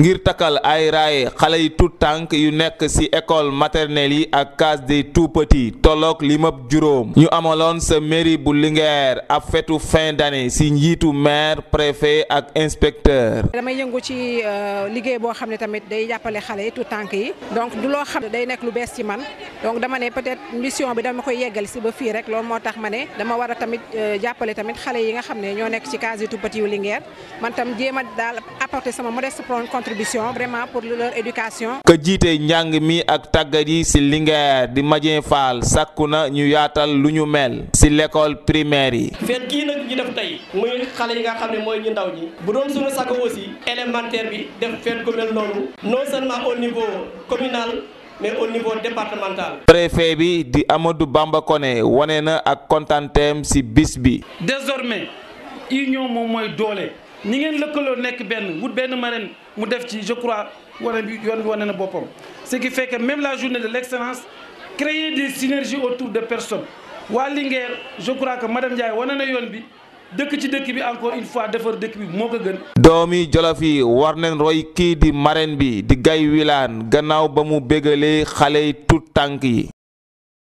ngir takal ay raaye xale yi tout tank yu nekk ci école maternelle yi ak case des tout petits tolok limab juróom ñu amaloon sa mairie bu Linguère ab fetu fin d'année ci njiitu maire préfet ak inspecteur. damay yëngu ci euh, liggéey boo xam ne tamit day jàppale xale yi tout tank yi donc du loo xam day nekk lu bees ci man donc dama ne peut-être mission bi dama koy yeggal ci ba fii rek loolu moo tax ma ne dama war a tamit euh, jàppale tamit xale yi nga xam ne ñoo nekk ci case des tout petits yu Linguère man tam jéem a daal apporter sama modeste contribution vraiment pour leur éducation. Que jiite ñang mi ak tàggat yi ci Linguère di Madien Fall sakuna ñu yaatal lu ñu mel ci l'école primaire Fait ki nak nag ñu def tay muy xalé yi nga xamné moy mooy ñu ndaw ñi bu doon suñu sago aussi élémentaire bi def fait ku mel non seulement au niveau communal. mais au niveau départemental. préfet bi di Amadou Bamba Koné woné na ak kontaanteem ci bis bi. désormais union moom moy doole. ni ngeen lëkkaloo nekk benn wut benn marraine mu def ci je crois wane bi yoon bi wane na boppam ce qui fait même la journée de l'excellence créer des synergies autour de personnes waa Linguère je crois que madame Ndiaye wane na yoon bi dëkk ci dëkk bi encore une fois defar dëkk bi moo ko gën. doomi jolof yi war ne roy kii di marraine bi di gay Wilane gannaaw ba mu béggalee xale yi tout tànk yi.